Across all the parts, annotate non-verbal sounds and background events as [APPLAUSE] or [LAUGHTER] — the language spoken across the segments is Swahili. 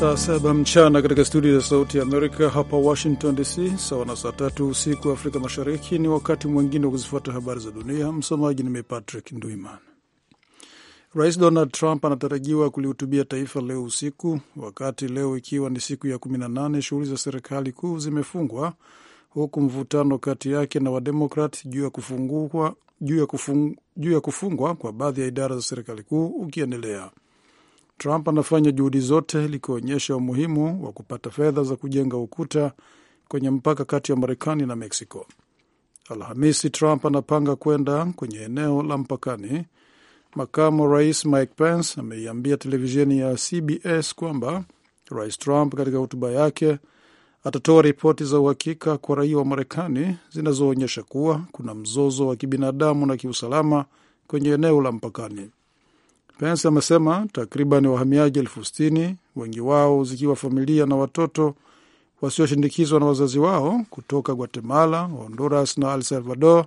saa saba mchana katika studio za Sauti ya Amerika hapa Washington DC, sawa na saa tatu usiku wa Afrika Mashariki. Ni wakati mwingine wa kuzifuata habari za dunia. Msomaji ni mimi Patrick Nduiman. Rais Donald Trump anatarajiwa kulihutubia taifa leo usiku, wakati leo ikiwa ni siku ya 18 shughuli za serikali kuu zimefungwa, huku mvutano kati yake na Wademokrat juu ya kufungwa, juu ya kufungwa kwa baadhi ya idara za serikali kuu ukiendelea. Trump anafanya juhudi zote likionyesha umuhimu wa kupata fedha za kujenga ukuta kwenye mpaka kati ya Marekani na Mexico. Alhamisi, Trump anapanga kwenda kwenye eneo la mpakani. Makamu rais Mike Pence ameiambia televisheni ya CBS kwamba Rais Trump katika hotuba yake atatoa ripoti za uhakika kwa raia wa Marekani zinazoonyesha kuwa kuna mzozo wa kibinadamu na kiusalama kwenye eneo la mpakani. Pence amesema takriban wahamiaji elfu sitini, wengi wao zikiwa familia na watoto wasioshindikizwa na wazazi wao kutoka Guatemala, Honduras na el Salvador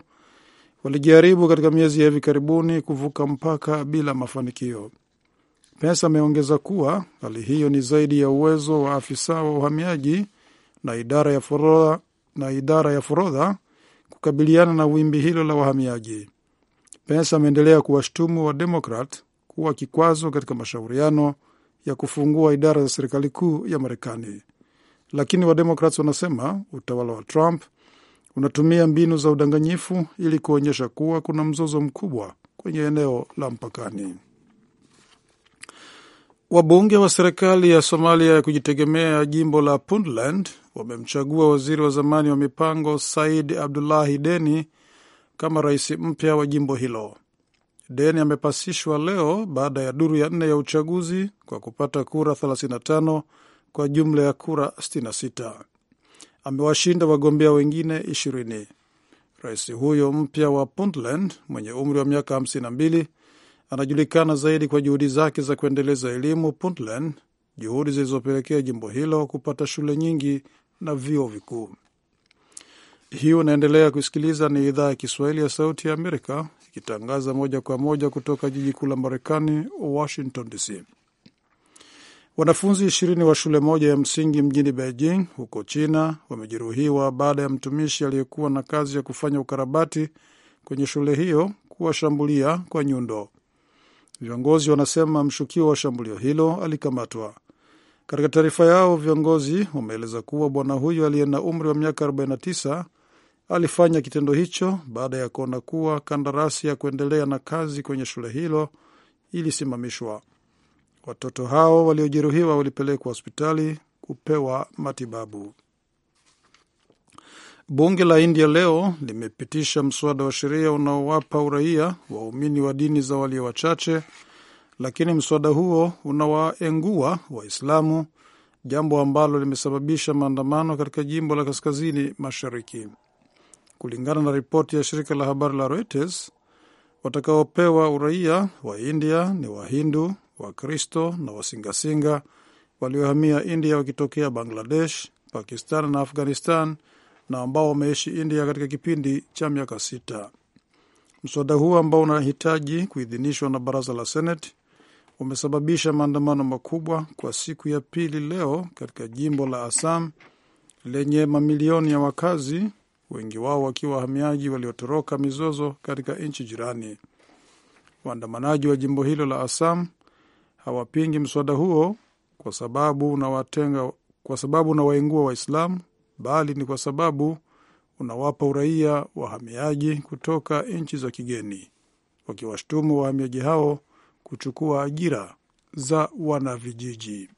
walijaribu katika miezi ya hivi karibuni kuvuka mpaka bila mafanikio. Pence ameongeza kuwa hali hiyo ni zaidi ya uwezo wa afisa wa uhamiaji na idara ya forodha, na idara ya forodha kukabiliana na wimbi hilo la wahamiaji. Pence ameendelea kuwashtumu wa Demokrat kuwa kikwazo katika mashauriano ya kufungua idara za serikali kuu ya Marekani. Lakini Wademokrats wanasema utawala wa Trump unatumia mbinu za udanganyifu ili kuonyesha kuwa kuna mzozo mkubwa kwenye eneo la mpakani. Wabunge wa serikali ya Somalia ya kujitegemea ya jimbo la Puntland wamemchagua waziri wa zamani wa mipango Said Abdullahi Deni kama rais mpya wa jimbo hilo. Deni amepasishwa leo baada ya duru ya nne ya uchaguzi kwa kupata kura 35 kwa jumla ya kura 66. Amewashinda wagombea wengine 20. Rais huyo mpya wa Puntland mwenye umri wa miaka 52 anajulikana zaidi kwa juhudi zake za kuendeleza elimu Puntland, juhudi zilizopelekea jimbo hilo kupata shule nyingi na vyuo vikuu. Hii unaendelea kusikiliza, ni idhaa ya Kiswahili ya Sauti ya Amerika ikitangaza moja kwa moja kutoka jiji kuu la Marekani, Washington DC. Wanafunzi ishirini wa shule moja ya msingi mjini Beijing huko China wamejeruhiwa baada ya mtumishi aliyekuwa na kazi ya kufanya ukarabati kwenye shule hiyo kuwashambulia kwa nyundo. Viongozi wanasema mshukiwa wa shambulio hilo alikamatwa. Katika taarifa yao, viongozi wameeleza kuwa bwana huyo aliye na umri wa miaka 49 alifanya kitendo hicho baada ya kuona kuwa kandarasi ya kuendelea na kazi kwenye shule hilo ilisimamishwa. Watoto hao waliojeruhiwa walipelekwa hospitali kupewa matibabu. Bunge la India leo limepitisha mswada wa sheria unaowapa uraia waumini wa dini za walio wachache, lakini mswada huo unawaengua Waislamu, jambo ambalo limesababisha maandamano katika jimbo la kaskazini mashariki kulingana na ripoti ya shirika la habari la Reuters. Watakaopewa uraia wa India ni Wahindu, Wakristo na wasingasinga waliohamia India wakitokea Bangladesh, Pakistan na Afghanistan na ambao wameishi India katika kipindi cha miaka sita. Mswada huo ambao unahitaji kuidhinishwa na baraza la Seneti umesababisha maandamano makubwa kwa siku ya pili leo katika jimbo la Assam lenye mamilioni ya wakazi wengi wao wakiwa wahamiaji waliotoroka mizozo katika nchi jirani. Waandamanaji wa jimbo hilo la Assam hawapingi mswada huo kwa sababu unawatenga, kwa sababu unawaingua Waislamu, bali ni kwa sababu unawapa uraia wahamiaji kutoka nchi za kigeni, wakiwashtumu wahamiaji hao kuchukua ajira za wanavijiji.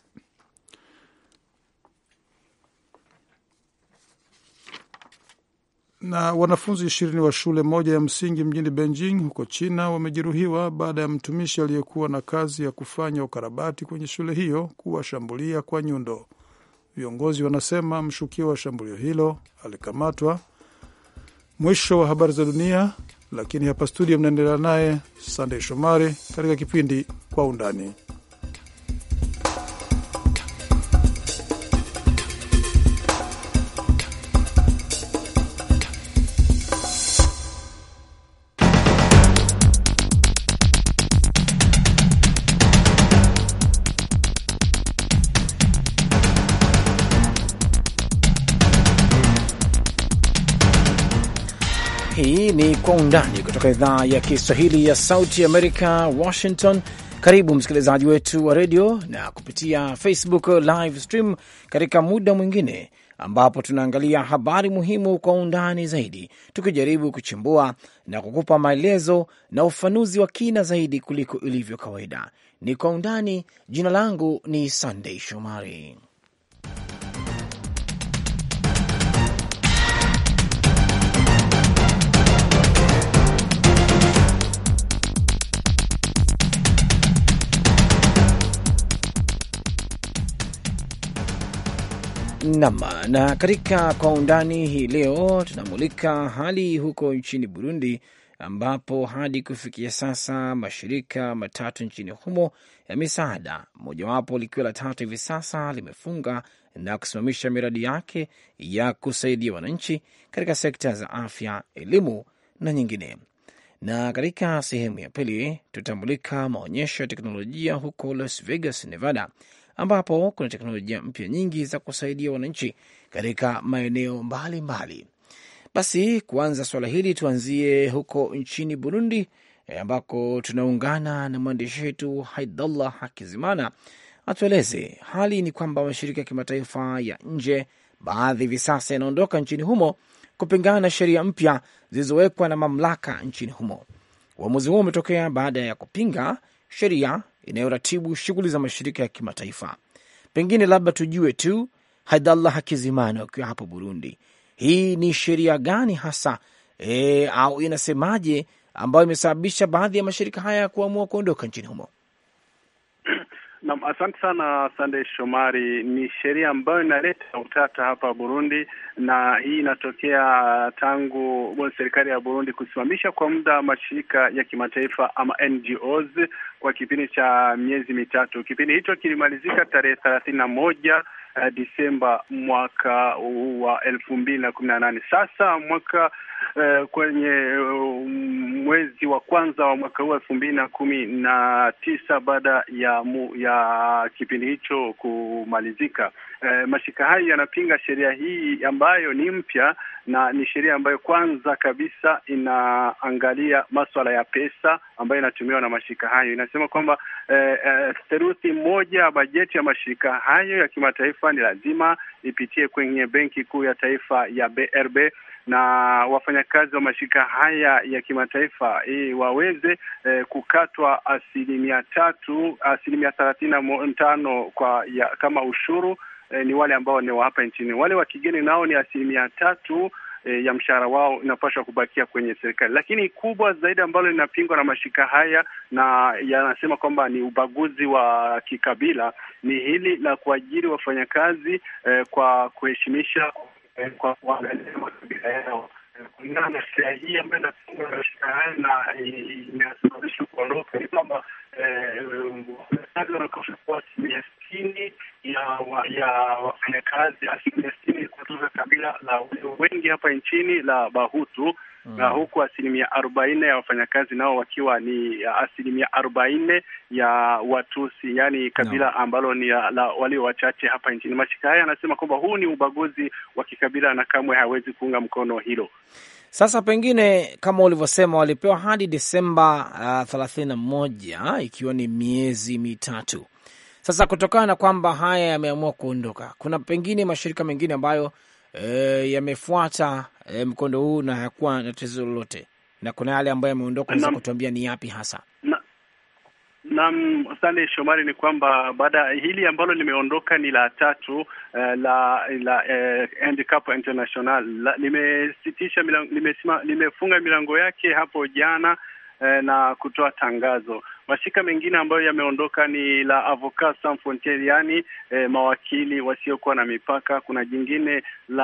na wanafunzi ishirini wa shule moja ya msingi mjini Beijing huko China wamejeruhiwa baada ya mtumishi aliyekuwa na kazi ya kufanya ukarabati kwenye shule hiyo kuwashambulia kwa nyundo. Viongozi wanasema mshukiwa wa shambulio hilo alikamatwa. Mwisho wa habari za dunia, lakini hapa studio mnaendelea naye Sandey Shomari katika kipindi Kwa Undani. kutoka idhaa ya Kiswahili ya Sauti Amerika, Washington. Karibu msikilizaji wetu wa redio na kupitia Facebook live stream katika muda mwingine ambapo tunaangalia habari muhimu kwa undani zaidi, tukijaribu kuchimbua na kukupa maelezo na ufanuzi wa kina zaidi kuliko ilivyo kawaida. Ni kwa undani. Jina langu ni Sandei Shomari. Nam na katika kwa undani hii leo tunamulika hali huko nchini Burundi, ambapo hadi kufikia sasa mashirika matatu nchini humo ya misaada, mojawapo likiwa la tatu hivi sasa, limefunga na kusimamisha miradi yake ya kusaidia wananchi katika sekta za afya, elimu na nyingine. Na katika sehemu ya pili tutamulika maonyesho ya teknolojia huko Las Vegas, Nevada ambapo kuna teknolojia mpya nyingi za kusaidia wananchi katika maeneo mbalimbali Basi kuanza suala hili tuanzie huko nchini Burundi e, ambako tunaungana na mwandishi wetu Haidallah Hakizimana atueleze hali ni kwamba mashirika ya kimataifa ya nje baadhi hivi sasa yanaondoka nchini humo kupingana na sheria mpya zilizowekwa na mamlaka nchini humo. Uamuzi huo umetokea baada ya kupinga sheria inayoratibu shughuli za mashirika ya kimataifa. Pengine labda tujue tu, Haidallah Hakizimana, ukiwa hapo Burundi, hii ni sheria gani hasa e, au inasemaje ambayo imesababisha baadhi ya mashirika haya ya kuamua kuondoka nchini humo? [CLEARS THROAT] Naam, asante sana sande Shomari. Ni sheria ambayo inaleta utata hapa Burundi, na hii inatokea tangu serikali ya Burundi kusimamisha kwa muda mashirika ya kimataifa ama NGOs kwa kipindi cha miezi mitatu. Kipindi hicho kilimalizika tarehe thelathini na moja uh, Disemba mwaka uh, wa elfu mbili na kumi na nane. Sasa mwaka uh, kwenye uh, mwezi wa kwanza wa mwaka huu elfu mbili na kumi na tisa baada ya mu, ya kipindi hicho kumalizika, uh, mashirika hayo yanapinga sheria hii ambayo ni mpya na ni sheria ambayo kwanza kabisa inaangalia maswala ya pesa ambayo inatumiwa na mashirika hayo. Inasema kwamba uh, eh, theluthi moja ya bajeti ya mashirika hayo ya kimataifa taifa ni lazima ipitie kwenye benki kuu ya taifa ya BRB na wafanyakazi wa mashirika haya ya kimataifa ili waweze eh, kukatwa asilimia tatu asilimia thelathini na tano kwa ya, kama ushuru eh, ni wale ambao ni wa hapa nchini. Wale wa kigeni nao ni asilimia tatu e, ya mshahara wao inapaswa kubakia kwenye serikali. Lakini kubwa zaidi ambalo linapingwa na mashirika haya na yanasema kwamba ni ubaguzi wa kikabila ni hili la kuajiri wafanyakazi e, kwa kuheshimisha e, kwa kuangalia makabila yao kulingana na sheria hii ambayo inapingwa na mashirika haya na inasababisha kuondoka ni kwamba e, wafanyakazi wanakosa kuwa asilimia hapa nchini la Bahutu mm. na huku asilimia arobaini ya wafanyakazi nao wakiwa ni asilimia arobaini ya Watusi, yaani kabila no. ambalo ni la walio wachache hapa nchini. Mashirika haya anasema kwamba huu ni ubaguzi wa kikabila na kamwe hawezi kuunga mkono hilo. Sasa pengine kama ulivyosema, walipewa hadi Desemba uh, thelathini na moja ikiwa ni miezi mitatu. Sasa kutokana na kwamba haya yameamua kuondoka, kuna pengine mashirika mengine ambayo e, yamefuata e, mkondo huu na hayakuwa na tatizo lolote, na kuna yale ambayo yameondoka, naweza kutuambia ni yapi hasa? Naam, asante Shomari. Ni kwamba baada hili ambalo limeondoka ni la tatu uh, la la Handicap e, uh, International limesitisha milango, limesima, limefunga milango yake hapo jana uh, na kutoa tangazo Mashirika mengine ambayo yameondoka ni la Avocats Sans Frontieres, yani eh, mawakili wasiokuwa na mipaka. Kuna jingine la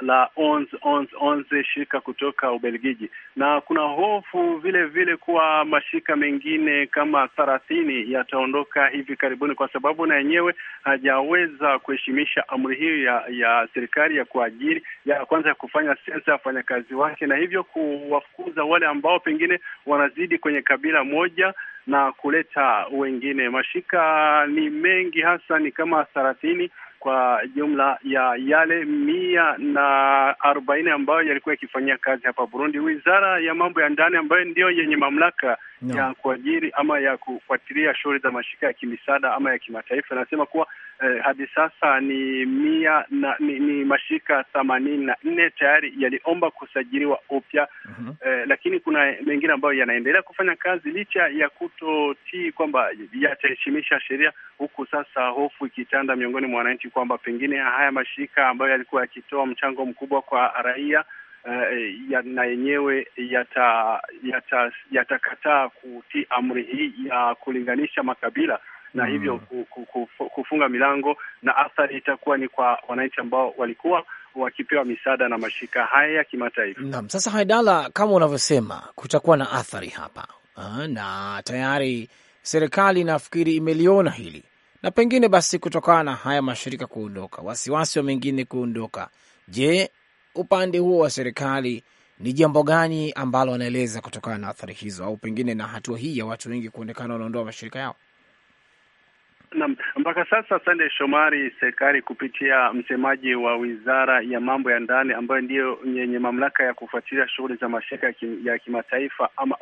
la Onze, Onze, Onze, shirika kutoka Ubelgiji, na kuna hofu vile vile kuwa mashirika mengine kama thelathini yataondoka hivi karibuni, kwa sababu na yenyewe hajaweza kuheshimisha amri hiyo ya, ya serikali ya kuajiri ya kwanza ya kufanya sensa ya wafanyakazi wake, na hivyo kuwafukuza wale ambao pengine wanazidi kwenye kabila moja na kuleta wengine. Mashirika ni mengi, hasa ni kama thelathini kwa jumla ya yale mia na arobaini ambayo yalikuwa yakifanyia kazi hapa Burundi. Wizara ya mambo ya ndani ambayo ndiyo yenye mamlaka no. ya kuajiri ama ya kufuatilia shughuli za mashirika ya kimisaada ama ya kimataifa. Anasema kuwa eh, hadi sasa ni mia na, ni, ni mashirika themanini na nne tayari yaliomba kusajiliwa upya mm -hmm. eh, lakini kuna mengine ambayo yanaendelea kufanya kazi licha ya kutotii kwamba yataheshimisha sheria, huku sasa hofu ikitanda miongoni mwa wananchi kwamba pengine haya mashirika ambayo yalikuwa yakitoa mchango mkubwa kwa raia Eh, ya na yenyewe yatakataa yata, yata kutii amri hii ya kulinganisha makabila na mm, hivyo kufunga milango na athari itakuwa ni kwa wananchi ambao walikuwa wakipewa misaada na mashirika haya ya kimataifa. Naam, sasa Haidala, kama unavyosema, kutakuwa na athari hapa na tayari serikali nafikiri imeliona hili, na pengine basi kutokana na haya mashirika kuondoka, wasiwasi wa mengine kuondoka, je, upande huo wa serikali ni jambo gani ambalo wanaeleza kutokana na athari hizo, au pengine na hatua hii ya watu wengi kuonekana wanaondoa mashirika yao? Naam, mpaka sasa, Sande Shomari, serikali kupitia msemaji wa wizara ya mambo ya ndani ambayo ndiyo yenye mamlaka ya kufuatilia shughuli za mashirika ya kimataifa ama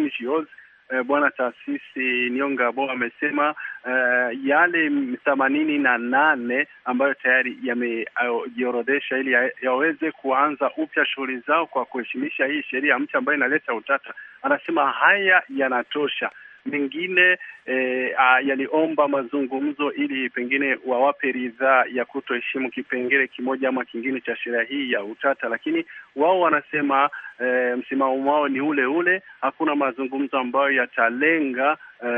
NGOs eh, bwana taasisi Niongabo amesema eh, yale themanini na nane ambayo tayari yamejiorodhesha ili ya, yaweze kuanza upya shughuli zao kwa kuheshimisha hii sheria mpya ambayo inaleta utata. Anasema haya yanatosha mengine eh, ah, yaliomba mazungumzo ili pengine wawape ridhaa ya kutoheshimu kipengele kimoja ama kingine cha sheria hii ya utata, lakini wao wanasema e, msimamo wao ni ule ule. Hakuna mazungumzo ambayo yatalenga e,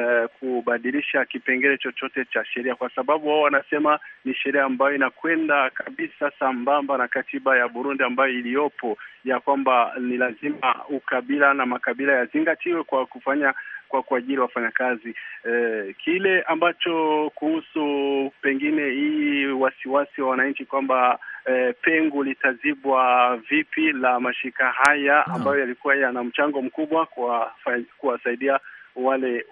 kubadilisha kipengele chochote cha sheria, kwa sababu wao wanasema ni sheria ambayo inakwenda kabisa sambamba na katiba ya Burundi ambayo iliyopo ya kwamba ni lazima ukabila na makabila yazingatiwe kwa kufanya kwa kuajiri wafanyakazi. E, kile ambacho kuhusu pengine hii wasiwasi wa wananchi kwamba e, pengo litazibwa vipi la mashirika haya ambayo yalikuwa yana mchango mkubwa kwa kuwasaidia wale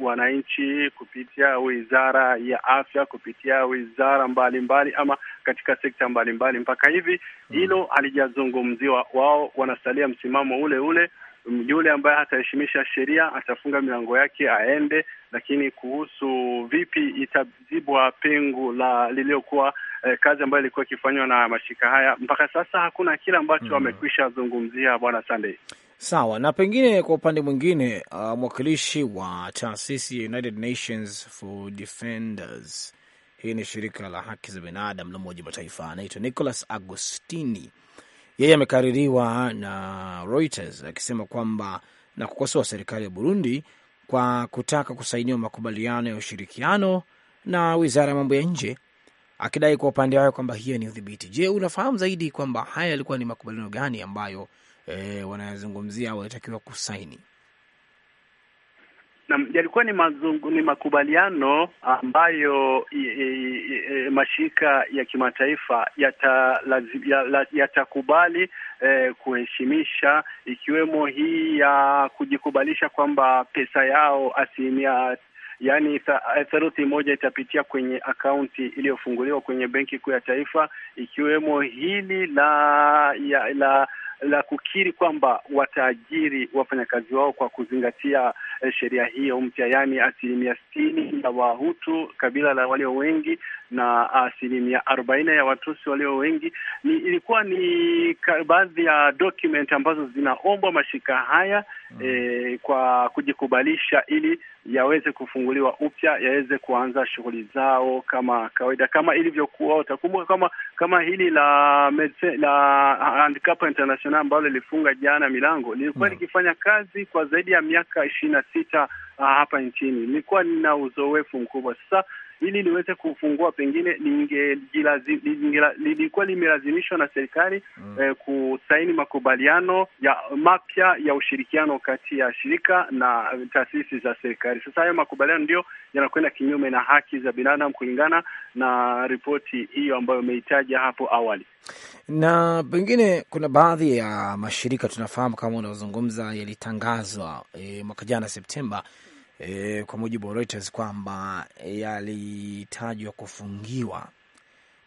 wananchi kupitia wizara ya afya, kupitia wizara mbalimbali mbali, ama katika sekta mbalimbali mbali. Mpaka hivi hmm. hilo halijazungumziwa, wao wanasalia msimamo ule ule yule ambaye ataheshimisha sheria atafunga milango yake aende, lakini kuhusu vipi itazibwa pengo la liliyokuwa eh, kazi ambayo ilikuwa ikifanywa na mashirika haya mpaka sasa hakuna kile ambacho mm, amekwisha zungumzia Bwana Sunday. Sawa, na pengine kwa upande mwingine uh, mwakilishi wa taasisi ya United Nations for Defenders, hii ni shirika la haki za binadamu la Umoja Mataifa, anaitwa Nicholas Agostini yeye amekaririwa na Reuters akisema kwamba na kukosoa serikali ya Burundi kwa kutaka kusainiwa makubaliano ya ushirikiano na wizara ya mambo ya nje, akidai kwa upande wake kwamba hiyo ni udhibiti. Je, unafahamu zaidi kwamba haya yalikuwa ni makubaliano gani ambayo e, wanayazungumzia wanatakiwa kusaini? na yalikuwa ni mazungu, ni makubaliano ambayo e, e, e, mashirika ya kimataifa yatakubali ya e, kuheshimisha ikiwemo hii ya kujikubalisha kwamba pesa yao asilimia yaani theluthi moja itapitia kwenye akaunti iliyofunguliwa kwenye benki kuu ya taifa, ikiwemo hili la ya, la la kukiri kwamba wataajiri wafanyakazi wao kwa kuzingatia eh, sheria hiyo mpya, yaani asilimia sitini ya Wahutu kabila la walio wengi na ah, asilimia arobaini ya Watusi walio wengi. Ni ilikuwa ni baadhi ya document ambazo zinaombwa mashirika haya mm. e, kwa kujikubalisha ili yaweze kufunguliwa upya yaweze kuanza shughuli zao kama kawaida, kama ilivyokuwa. Utakumbuka kama kama hili la medse, la Handicap International ambalo lilifunga jana milango lilikuwa mm. likifanya kazi kwa zaidi ya miaka ishirini na sita ah, hapa nchini, ilikuwa nina uzoefu mkubwa. Sasa ili liweze kufungua, pengine lilikuwa limelazimishwa na serikali mm. eh, kusaini makubaliano ya mapya ya ushirikiano kati ya shirika na taasisi za serikali. Sasa hayo makubaliano ndiyo yanakwenda kinyume na haki za binadamu kulingana na ripoti hiyo ambayo umeitaja hapo awali. Na pengine kuna baadhi ya mashirika tunafahamu, kama unaozungumza, yalitangazwa e, mwaka jana Septemba e, kwa mujibu wa Reuters kwamba yalitajwa kufungiwa.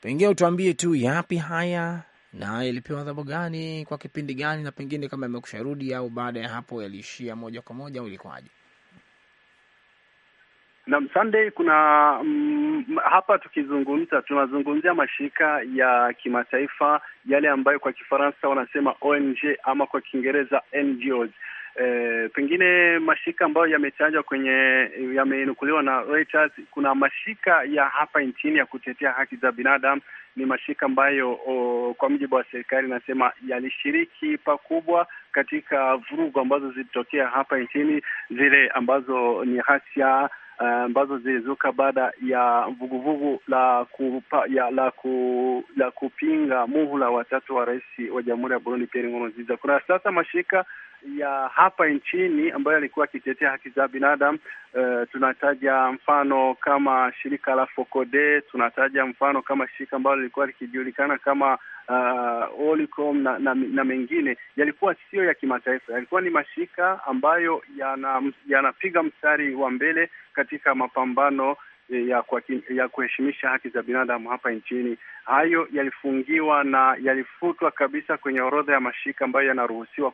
Pengine utuambie tu yapi haya na yalipewa adhabu gani kwa kipindi gani, na pengine kama yamekusha rudi au baada ya hapo yaliishia moja kwa moja au ilikuwaje? Na Sunday kuna mm, hapa tukizungumza tunazungumzia mashirika ya kimataifa yale ambayo kwa Kifaransa wanasema ONG ama kwa Kiingereza NGOs. E, pengine mashirika ambayo yametajwa kwenye yamenukuliwa na Reuters, kuna mashirika ya hapa nchini ya kutetea haki za binadamu. Ni mashirika ambayo o, kwa mujibu wa serikali inasema yalishiriki pakubwa katika vurugu ambazo zilitokea hapa nchini, zile ambazo ni hasia eh, ambazo uh, zilizuka baada ya vuguvugu la, kupa, ya, la, ku, la kupinga muhula watatu wa rais wa Jamhuri ya Burundi Pierre Nkurunziza. Kuna sasa mashirika ya hapa nchini ambayo alikuwa akitetea haki za binadamu. Uh, tunataja mfano kama shirika la Focode, tunataja mfano kama shirika ambalo lilikuwa likijulikana kama uh, Olicom na, na, na mengine yalikuwa siyo ya kimataifa, yalikuwa ni mashirika ambayo yanapiga yana mstari wa mbele katika mapambano ya, ya kuheshimisha haki za binadamu hapa nchini. Hayo yalifungiwa na yalifutwa kabisa kwenye orodha ya mashirika ambayo yanaruhusiwa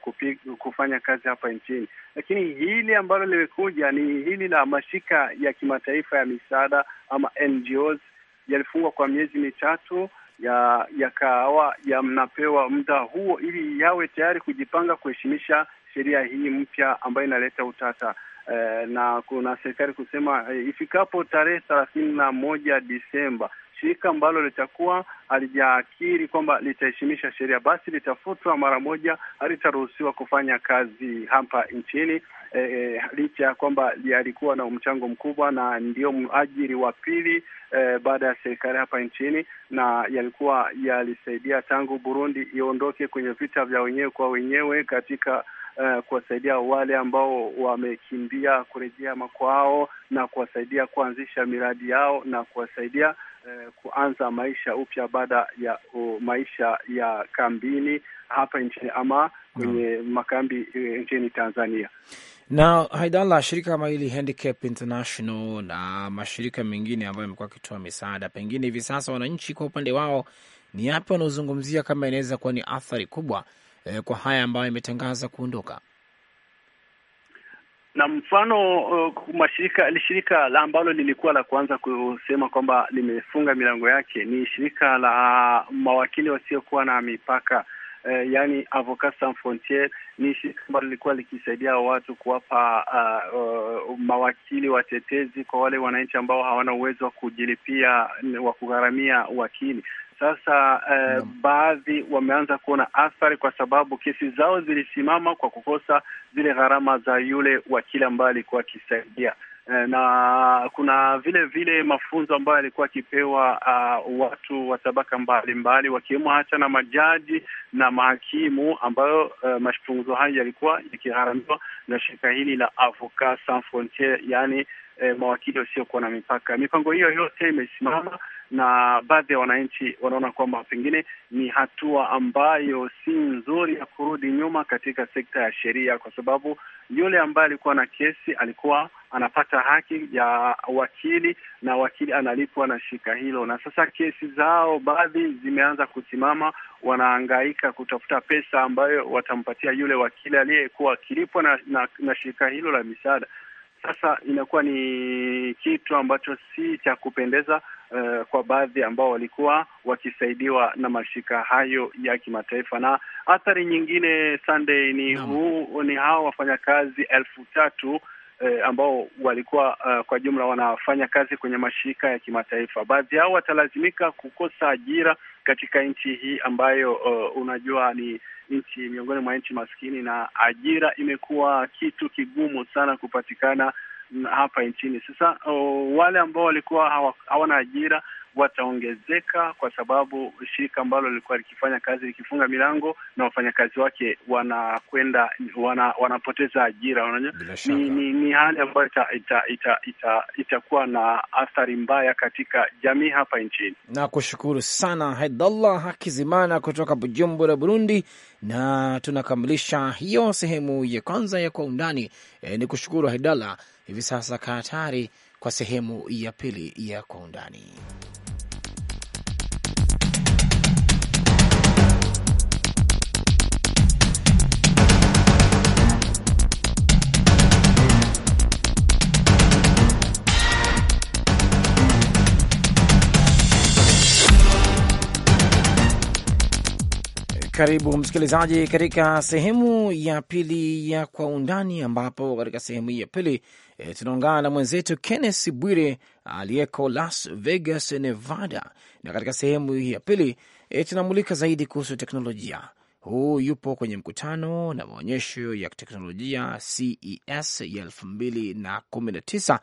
kufanya kazi hapa nchini, lakini hili ambalo limekuja ni hili la mashirika ya kimataifa ya misaada ama NGOs, yalifungwa kwa miezi mitatu ya yakawa yanapewa muda huo ili yawe tayari kujipanga kuheshimisha sheria hii mpya ambayo inaleta utata eh, na kuna serikali kusema eh, ifikapo tarehe thelathini na moja Disemba shirika ambalo litakuwa halijaakiri kwamba litaheshimisha sheria basi litafutwa mara moja, halitaruhusiwa kufanya kazi hapa nchini e, e, licha ya kwamba alikuwa na mchango mkubwa na ndio mwajiri wa pili e, baada ya serikali hapa nchini, na yalikuwa yalisaidia tangu Burundi iondoke kwenye vita vya wenyewe kwa wenyewe katika uh, kuwasaidia wale ambao wamekimbia kurejea makwao na kuwasaidia kuanzisha miradi yao na kuwasaidia uh, kuanza maisha upya baada ya uh, maisha ya kambini hapa nchini ama kwenye no. makambi eh, nchini Tanzania na haidala shirika kama hili Handicap International na mashirika mengine ambayo yamekuwa akitoa misaada, pengine hivi sasa wananchi kwa upande wao ni yapi wanaozungumzia kama inaweza kuwa ni athari kubwa eh, kwa haya ambayo imetangaza kuondoka na mfano uh, mashirika shirika la ambalo lilikuwa la kwanza kusema kwamba limefunga milango yake ni shirika la mawakili wasiokuwa na mipaka uh, yani Avocats Sans Frontieres. Ni shirika ambalo lilikuwa likisaidia watu kuwapa uh, uh, mawakili watetezi kwa wale wananchi ambao hawana uwezo wa kujilipia wa kugharamia wakili. Sasa eh, baadhi wameanza kuona athari kwa sababu kesi zao zilisimama kwa kukosa zile gharama za yule wakili ambaye alikuwa akisaidia eh, na kuna vile vile mafunzo ambayo yalikuwa akipewa uh, watu wa tabaka mbalimbali wakiwemo hata na majaji na mahakimu ambayo uh, mafunzo hayo yalikuwa yakigharamiwa na shirika hili la Avocats Sans Frontiere, yaani eh, mawakili wasiokuwa na mipaka. Mipango hiyo yote imesimama na baadhi ya wananchi wanaona kwamba pengine ni hatua ambayo si nzuri ya kurudi nyuma katika sekta ya sheria, kwa sababu yule ambaye alikuwa na kesi alikuwa anapata haki ya wakili na wakili analipwa na shirika hilo, na sasa kesi zao baadhi zimeanza kusimama. Wanaangaika kutafuta pesa ambayo watampatia yule wakili aliyekuwa akilipwa na, na, na shirika hilo la misaada. Sasa inakuwa ni kitu ambacho si cha kupendeza uh, kwa baadhi ambao walikuwa wakisaidiwa na mashirika hayo ya kimataifa. Na athari nyingine Sunday ni huu, ni hawa wafanyakazi elfu tatu E, ambao walikuwa uh, kwa jumla wanafanya kazi kwenye mashirika ya kimataifa. Baadhi yao watalazimika kukosa ajira katika nchi hii ambayo, uh, unajua ni nchi miongoni mwa nchi maskini, na ajira imekuwa kitu kigumu sana kupatikana hapa nchini. Sasa oh, wale ambao walikuwa hawana ajira wataongezeka kwa sababu shirika ambalo lilikuwa likifanya kazi likifunga milango na wafanyakazi wake wanakwenda wana, wanapoteza ajira. Unaona, ni, ni, ni hali ambayo itakuwa ita, ita, ita, ita na athari mbaya katika jamii hapa nchini. Na kushukuru sana Haidallah Hakizimana kutoka Bujumbura, Burundi, na tunakamilisha hiyo sehemu ya kwanza ya kwa undani. E, ni kushukuru Haidallah. Hivi sasa kaa tayari kwa sehemu ya pili ya kwa undani. Karibu msikilizaji katika sehemu ya pili ya Kwa Undani, ambapo katika sehemu hii ya pili e, tunaungana na mwenzetu kennes Bwire aliyeko Las Vegas, Nevada, na katika sehemu hii ya pili e, tunamulika zaidi kuhusu teknolojia. Huu yupo kwenye mkutano na maonyesho ya teknolojia CES ya elfu mbili na kumi na tisa,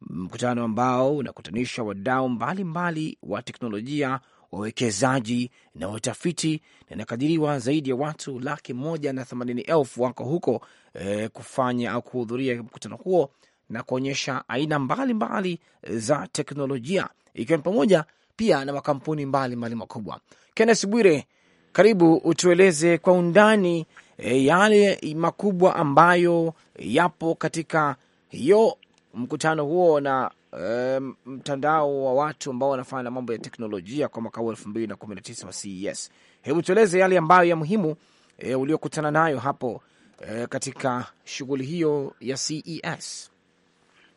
mkutano ambao unakutanisha wadau mbalimbali wa teknolojia wawekezaji na watafiti, na inakadiriwa zaidi ya watu laki moja na themanini elfu wako huko e, kufanya au kuhudhuria mkutano huo na kuonyesha aina mbalimbali mbali za teknolojia ikiwa ni pamoja pia na makampuni mbalimbali makubwa. Kennes Bwire, karibu utueleze kwa undani e, yale makubwa ambayo yapo katika hiyo mkutano huo na mtandao um, wa watu ambao wanafanya na mambo ya teknolojia kwa mwaka huu elfu mbili na kumi na tisa wa CES. Hebu tueleze yale ambayo ya muhimu e, uliokutana nayo hapo e, katika shughuli hiyo ya CES.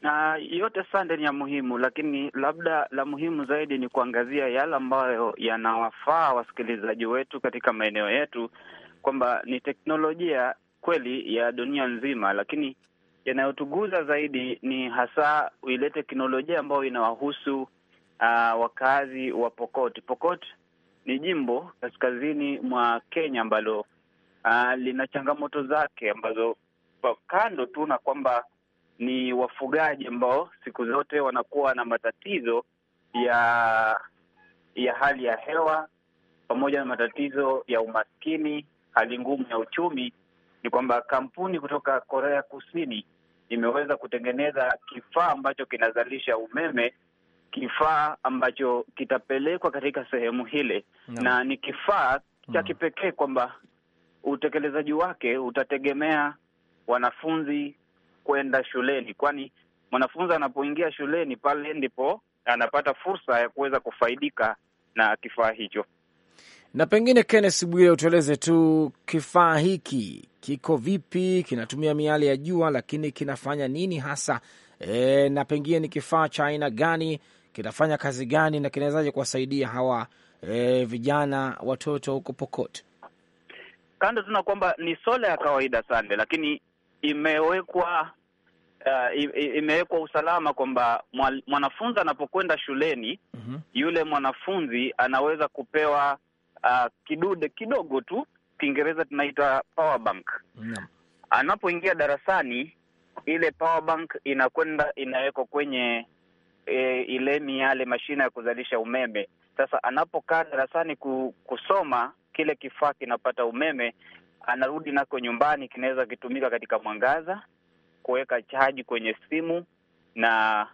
Na yote sande ni ya muhimu, lakini labda la muhimu zaidi ni kuangazia yale ambayo yanawafaa wasikilizaji wetu katika maeneo yetu, kwamba ni teknolojia kweli ya dunia nzima, lakini yanayotuguza zaidi ni hasa ile teknolojia ambayo inawahusu uh, ah, wakazi wa Pokot. Pokot ni jimbo kaskazini mwa Kenya ambalo uh, lina changamoto zake ambazo kando tu na kwamba ni wafugaji ambao siku zote wanakuwa na matatizo ya ya hali ya hewa pamoja na matatizo ya umaskini, hali ngumu ya uchumi, ni kwamba kampuni kutoka Korea Kusini imeweza kutengeneza kifaa ambacho kinazalisha umeme, kifaa ambacho kitapelekwa katika sehemu hile no. na ni kifaa cha mm. kipekee kwamba utekelezaji wake utategemea wanafunzi kwenda shuleni, kwani mwanafunzi anapoingia shuleni pale ndipo anapata fursa ya kuweza kufaidika na kifaa hicho. Na pengine Kenneth Bwire, utueleze tu kifaa hiki kiko vipi, kinatumia miale ya jua, lakini kinafanya nini hasa e, na pengine ni kifaa cha aina gani, kinafanya kazi gani, na kinawezaje kuwasaidia hawa e, vijana watoto huko Pokot? Kando tuna kwamba ni sola ya kawaida sande, lakini imewekwa uh, imewekwa usalama kwamba mwanafunzi anapokwenda shuleni mm -hmm. Yule mwanafunzi anaweza kupewa uh, kidude kidogo tu, Kiingereza tunaita power bank mm. Anapoingia darasani ile power bank inakwenda inawekwa kwenye e, ile miale mashine ya kuzalisha umeme. Sasa anapokaa darasani kusoma, kile kifaa kinapata umeme, anarudi nako nyumbani, kinaweza kitumika katika mwangaza, kuweka chaji kwenye simu na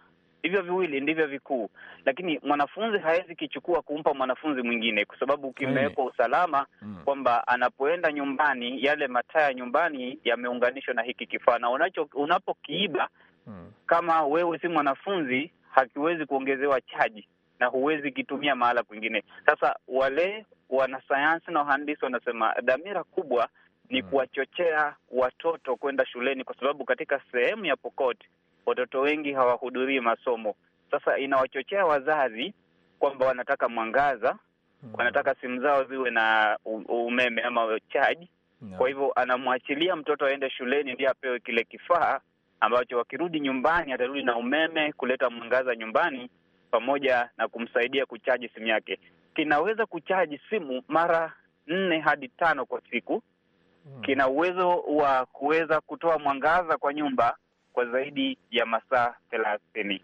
Hivyo viwili ndivyo vikuu, lakini mwanafunzi hawezi kichukua kumpa mwanafunzi mwingine, kwa sababu kimewekwa usalama mm. kwamba anapoenda nyumbani yale mataa ya nyumbani yameunganishwa na hiki kifaa, na unacho unapokiiba mm. kama wewe si mwanafunzi hakiwezi kuongezewa chaji na huwezi kitumia mahala kwingine. Sasa wale wanasayansi na wahandisi wanasema dhamira kubwa ni mm. kuwachochea watoto kwenda shuleni, kwa sababu katika sehemu ya Pokot watoto wengi hawahudhurii masomo. Sasa inawachochea wazazi kwamba wanataka mwangaza, mm. wanataka simu zao ziwe na umeme ama no. Kwa hivyo anamwachilia mtoto aende shuleni, ndiye apewe kile kifaa ambacho wakirudi nyumbani atarudi na umeme kuleta mwangaza nyumbani, pamoja na kumsaidia kuchaji simu yake. Kinaweza kuchaji simu mara nne hadi tano kwa siku. Mm. Kina uwezo wa kuweza kutoa mwangaza kwa nyumba kwa zaidi ya masaa thelathini.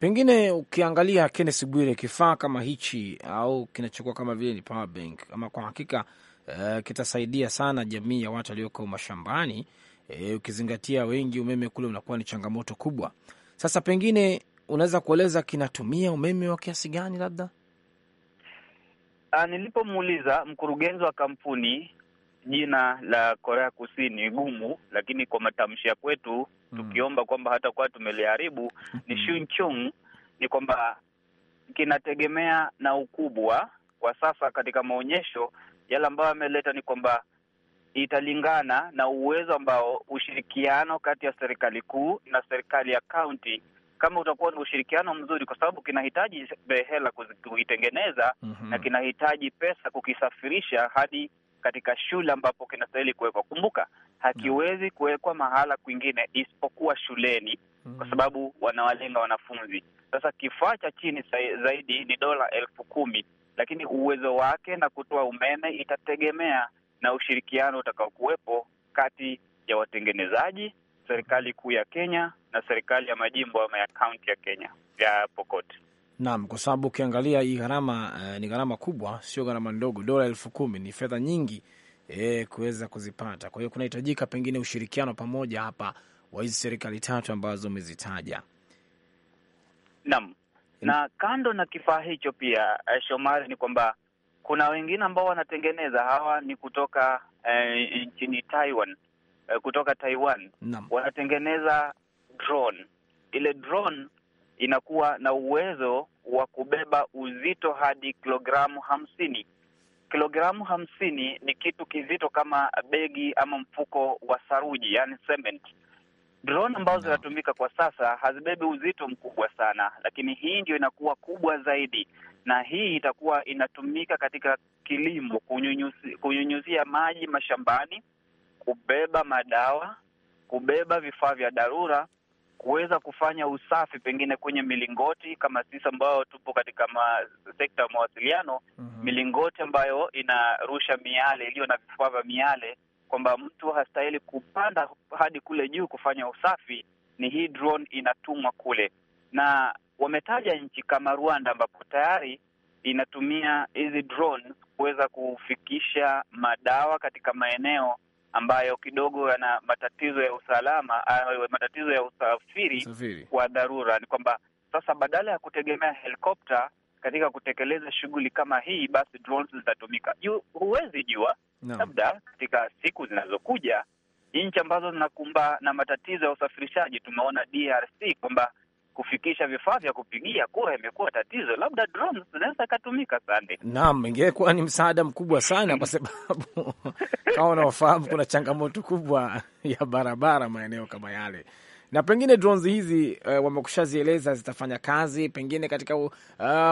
Pengine ukiangalia Kenneth Bwire, kifaa kama hichi au kinachokuwa kama vile ni power bank, ama kwa hakika uh, kitasaidia sana jamii ya watu walioko mashambani uh, ukizingatia wengi umeme kule unakuwa ni changamoto kubwa. Sasa pengine unaweza kueleza kinatumia umeme wa kiasi gani? Labda ah, nilipomuuliza mkurugenzi wa kampuni jina la Korea Kusini gumu, lakini kwa matamshi ya kwetu hmm. tukiomba kwamba hata kwa tumeliharibu ni hmm. Shunchung, ni kwamba kinategemea na ukubwa. Kwa sasa katika maonyesho yale ambayo ameleta ni kwamba italingana na uwezo ambao ushirikiano kati ya serikali kuu na serikali ya kaunti kama utakuwa ni ushirikiano mzuri, kwa sababu kinahitaji hela kuitengeneza, mm -hmm. na kinahitaji pesa kukisafirisha hadi katika shule ambapo kinastahili kuwekwa. Kumbuka, hakiwezi kuwekwa mahala kwingine isipokuwa shuleni, kwa mm. sababu wanawalenga wanafunzi. Sasa kifaa cha chini zaidi ni dola elfu kumi, lakini uwezo wake na kutoa umeme itategemea na ushirikiano utakaokuwepo kati ya watengenezaji, serikali kuu ya Kenya na serikali ya majimbo ama ya kaunti ya Kenya ya Pokot. Naam, kwa sababu ukiangalia hii gharama uh, ni gharama kubwa, sio gharama ndogo. Dola elfu kumi ni fedha nyingi eh, kuweza kuzipata. Kwa hiyo kunahitajika pengine ushirikiano pamoja hapa wa hizi serikali tatu ambazo umezitaja. Naam, na kando na kifaa hicho pia eh, Shomari, ni kwamba kuna wengine ambao wanatengeneza hawa ni kutoka eh, nchini Taiwan eh, kutoka Taiwan. Naam. wanatengeneza drone. Ile drone inakuwa na uwezo wa kubeba uzito hadi kilogramu hamsini. Kilogramu hamsini ni kitu kizito kama begi ama mfuko wa saruji, yani cement. Drone ambazo zinatumika kwa sasa hazibebi uzito mkubwa sana, lakini hii ndio inakuwa kubwa zaidi, na hii itakuwa inatumika katika kilimo, kunyunyuzia maji mashambani, kubeba madawa, kubeba vifaa vya dharura kuweza kufanya usafi pengine kwenye milingoti kama sisi ambayo tupo katika ma, sekta ya mawasiliano mm -hmm. milingoti ambayo inarusha miale iliyo na vifaa vya miale, kwamba mtu hastahili kupanda hadi kule juu kufanya usafi, ni hii drone inatumwa kule, na wametaja nchi kama Rwanda ambapo tayari inatumia hizi drone kuweza kufikisha madawa katika maeneo ambayo kidogo yana matatizo ya usalama, matatizo ya usafiri, usafiri wa dharura. Ni kwamba sasa badala ya kutegemea helikopta katika kutekeleza shughuli kama hii, basi drones zitatumika. Huwezi jua no, labda katika siku zinazokuja nchi ambazo zinakumba na matatizo ya usafirishaji, tumeona DRC kwamba kufikisha vifaa vya kupigia kura imekuwa tatizo, labda drone zinaweza ikatumika. Sande, naam, ingekuwa ni msaada mkubwa sana, kwa sababu [LAUGHS] kama unaofahamu kuna changamoto kubwa ya barabara maeneo kama yale na pengine drones hizi uh, wamekushazieleza zitafanya kazi pengine katika uh,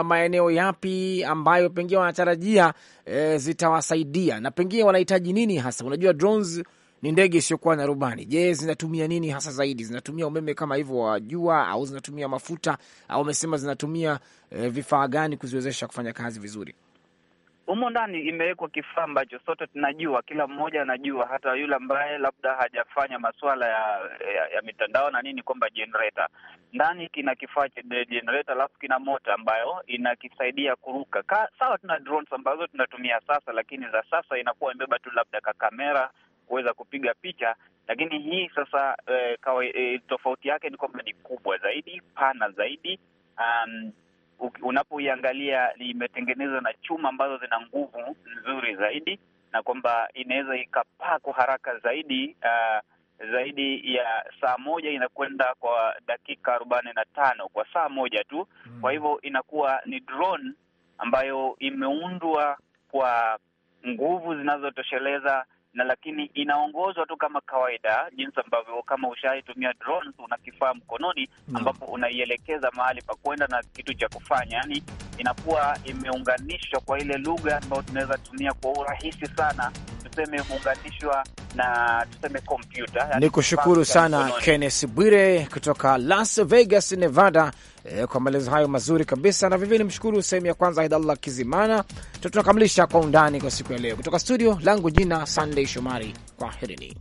maeneo yapi ambayo pengine wanatarajia uh, zitawasaidia, na pengine wanahitaji nini hasa? Unajua drones ni ndege isiyokuwa na rubani. Je, zinatumia nini hasa zaidi? Zinatumia umeme kama hivyo wa jua, au zinatumia mafuta, au amesema zinatumia eh, vifaa gani kuziwezesha kufanya kazi vizuri? Humo ndani imewekwa kifaa ambacho sote tunajua, kila mmoja anajua, hata yule ambaye labda hajafanya masuala ya, ya, ya mitandao na nini, kwamba jenereta ndani kina kifaa cha jenereta, alafu kina mota ambayo inakisaidia kuruka ka, sawa tuna drones ambazo tunatumia sasa, lakini za sasa inakuwa imebeba tu labda kakamera kuweza kupiga picha, lakini hii sasa e, kawa, e, tofauti yake ni kwamba ni kubwa zaidi, pana zaidi. Um, unapoiangalia imetengenezwa na chuma ambazo zina nguvu nzuri zaidi, na kwamba inaweza ikapaa kwa haraka zaidi uh, zaidi ya saa moja inakwenda kwa dakika arobaini na tano kwa saa moja tu. Hmm. Kwa hivyo inakuwa ni drone ambayo imeundwa kwa nguvu zinazotosheleza na lakini inaongozwa tu kama kawaida, jinsi ambavyo kama ushaitumia drones, una kifaa mkononi mm. ambapo unaielekeza mahali pa kwenda na kitu cha kufanya, yani inakuwa imeunganishwa kwa ile lugha ambayo tunaweza tumia kwa urahisi sana, tuseme imeunganishwa na tuseme kompyuta. Ni kushukuru sana Kenneth Bwire kutoka Las Vegas, Nevada, eh, kwa maelezo hayo mazuri kabisa, na ni nimshukuru sehemu ya kwanza Aidallah Kizimana. Tunakamilisha kwa undani kwa siku ya leo kutoka studio langu, jina Sunday Shomari, kwaherini.